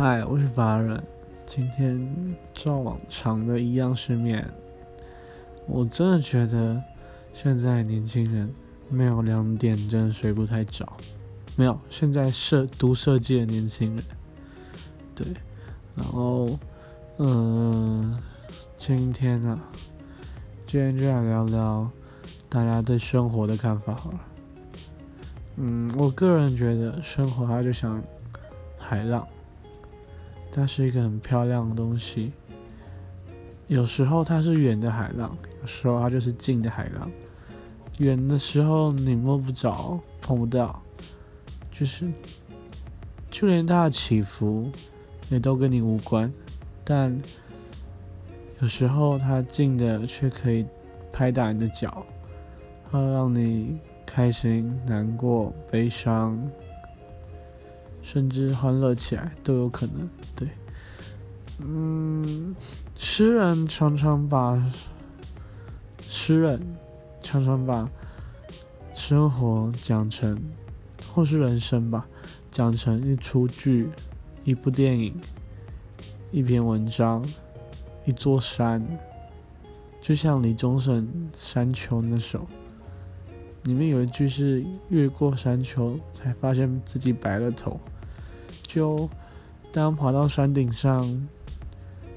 嗨，我是 Baron，今天照往常的一樣失眠。我真的覺得，現在年輕人沒有兩點真的睡不太着。沒有，現在設讀設計的年輕人，對，然後，嗯、呃，今天呢、啊，今天就來聊聊大家對生活的看法好了。嗯，我個人覺得生活它就像海浪。它是一個很漂亮的東西，有時候它是遠的海浪，有時候它就是近的海浪。遠的時候你摸不着，碰不到，就是就連它的起伏也都跟你無關。但有時候它近的卻可以拍打你的腳，它讓你開心、難過、悲傷。甚至歡樂起來都有可能。對，嗯，詩人常常把詩人常常把生活講成，或是人生吧，講成一出劇、一部電影、一篇文章、一座山，就像李宗盛《山丘》那首。裡面有一句是“越過山丘，才發現自己白了頭”，就當爬到山頂上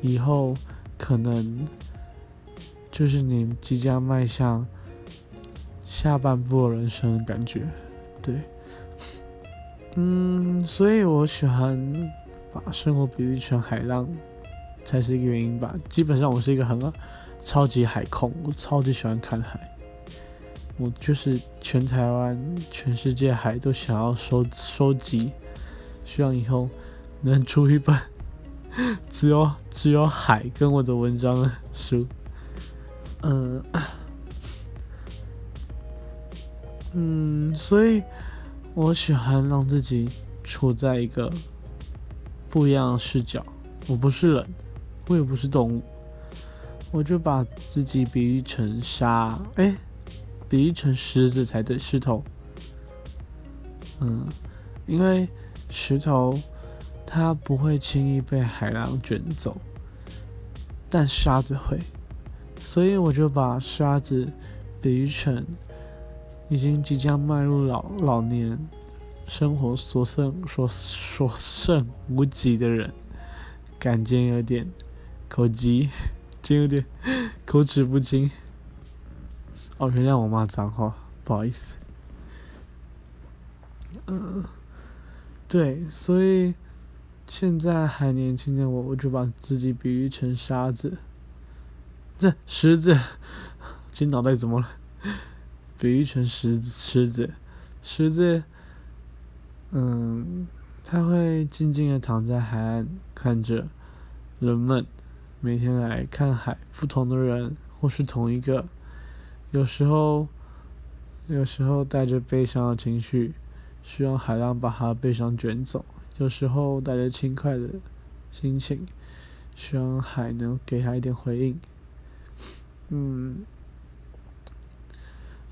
以後，可能就是你即將邁向下半部人生的感覺，對。嗯，所以我喜歡把生活比喻成海浪，才是一個原因吧。基本上我是一個很超級海控，我超級喜歡看海。我就是全台灣、全世界海都想要收收集，希望以後能出一本只有只有海跟我的文章的書。嗯、呃、嗯，所以我喜歡讓自己處在一個不一樣的視角。我不是人，我也不是動物，我就把自己比喻成沙。哎、欸。比喻成石子才對，石頭，嗯，因為石頭它不會輕易被海浪捲走，但沙子會，所以我就把沙子比喻成已經即將邁入老老年，生活所剩所所剩無幾的人，感覺有點口急，就有點口齒不清。原諒我罵髒話，不好意思。嗯，對，所以現在還年輕的我，我就把自己比喻成沙子，這石子，今天腦袋怎麼了？比喻成石子，石子，石子，嗯，他會靜靜的躺在海岸，看着人們每天來看海，不同的人或是同一個。有時候，有時候帶着悲傷的情緒，希望海浪把他的悲傷捲走；有時候帶着輕快的心情，希望海能給他一點回應。嗯，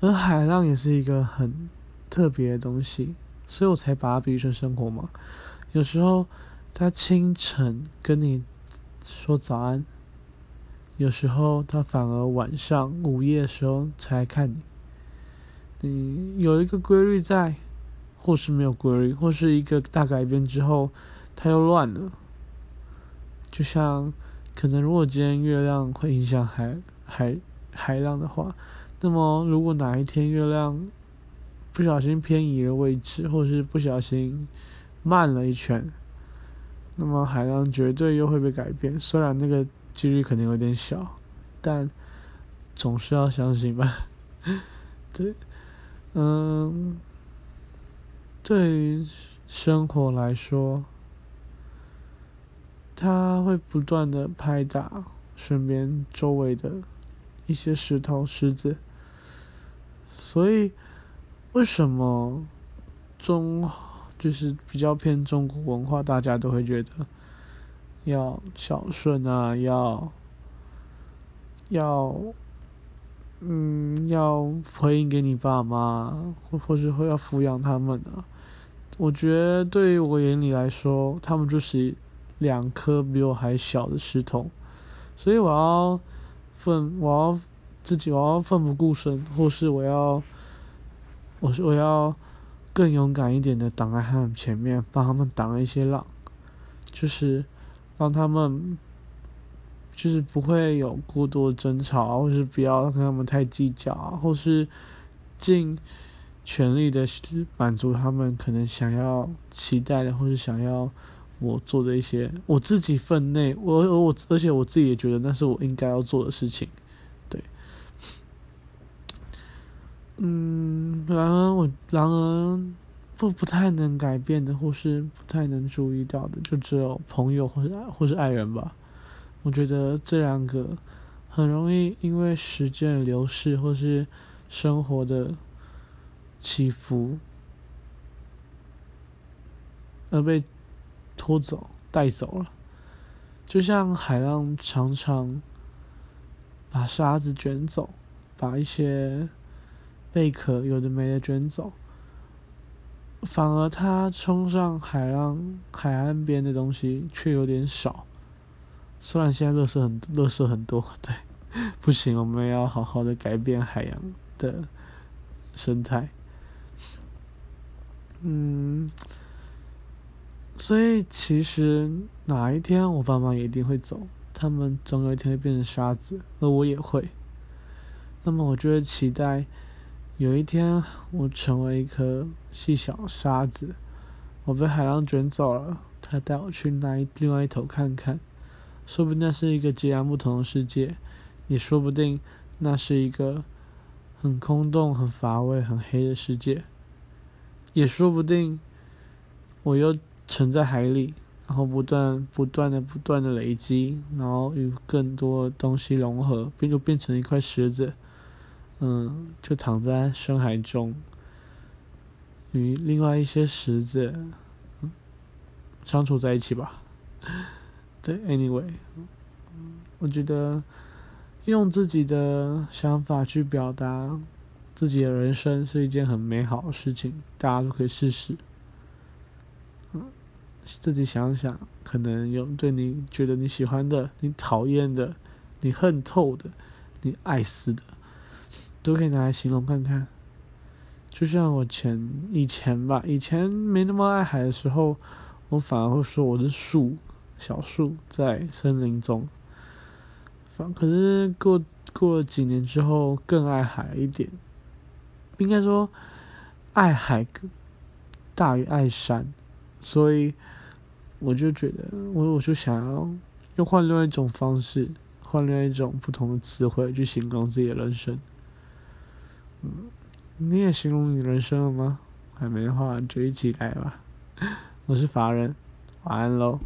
而海浪也是一個很特別的東西，所以我才把它比喻成生活嘛。有時候，它清晨跟你說早安。有時候他反而晚上午夜的時候才來看你，你有一個規律在，或是沒有規律，或是一個大改變之後，他又亂了。就像，可能如果今天月亮會影響海海海浪的話，那麼如果哪一天月亮不小心偏移了位置，或是不小心慢了一圈，那麼海浪絕對又會被改變。雖然那個。幾率肯定有點小，但總是要相信吧。 對，嗯，對於生活來說，它會不斷的拍打身邊周圍的一些石頭、石子，所以為什麼中就是比較偏中國文化，大家都會覺得。要孝順啊，要要嗯，要回應給你爸媽，或或者會要撫養他們啊。我覺得，對於我眼裡來說，他們就是兩顆比我還小的石頭，所以我要奮，我要自己，我要奮不顧身，或是我要我我要更勇敢一點的擋在他們前面，幫他們擋一些浪，就是。讓他們就是不會有過多的爭吵啊，或是不要跟他們太計較啊，或是盡全力的滿足他們可能想要期待的，或是想要我做的一些我自己分內，我而我，我而且我自己也覺得那是我應該要做的事情，對。嗯，然而我然而。或不太能改變的，或是不太能注意到的，就只有朋友或是或是愛人吧。我覺得這兩個很容易因為時間流逝或是生活的起伏而被拖走、帶走了。就像海浪常常把沙子捲走，把一些貝殼有的沒的捲走。反而，它衝上海岸海岸邊的東西卻有點少。雖然現在垃圾很垃圾很多，對，不行，我們要好好的改變海洋的生態。嗯，所以其實哪一天我爸媽也一定會走，他們總有一天會變成沙子，而我也會。那麼，我就會期待。有一天，我成為一顆細小的沙子，我被海浪卷走了。他帶我去那另外一頭看看，說不定那是一個截然不同的世界，也說不定那是一個很空洞、很乏味、很黑的世界，也說不定我又沉在海裡，然後不斷不斷的不斷的累積，然後與更多東西融合，並就變成一塊石子。嗯，就躺在深海中，與另外一些石子相處在一起吧。對，anyway，我覺得用自己的想法去表達自己的人生是一件很美好的事情，大家都可以試試。嗯，自己想想，可能有對你覺得你喜歡的、你討厭的、你恨透的、你愛死的。都可以拿來形容看看。就像我前，以前吧，以前沒那麼愛海的時候，我反而會說我是樹，小樹在森林中。反可是過過了幾年之後，更愛海一點，應該說愛海大於愛山，所以我就覺得我我就想要用換另外一種方式，換另外一種不同的詞彙去形容自己的人生。嗯，你也形容你人生了嗎？還沒畫完，就一起來吧。我是凡人，晚安嘍。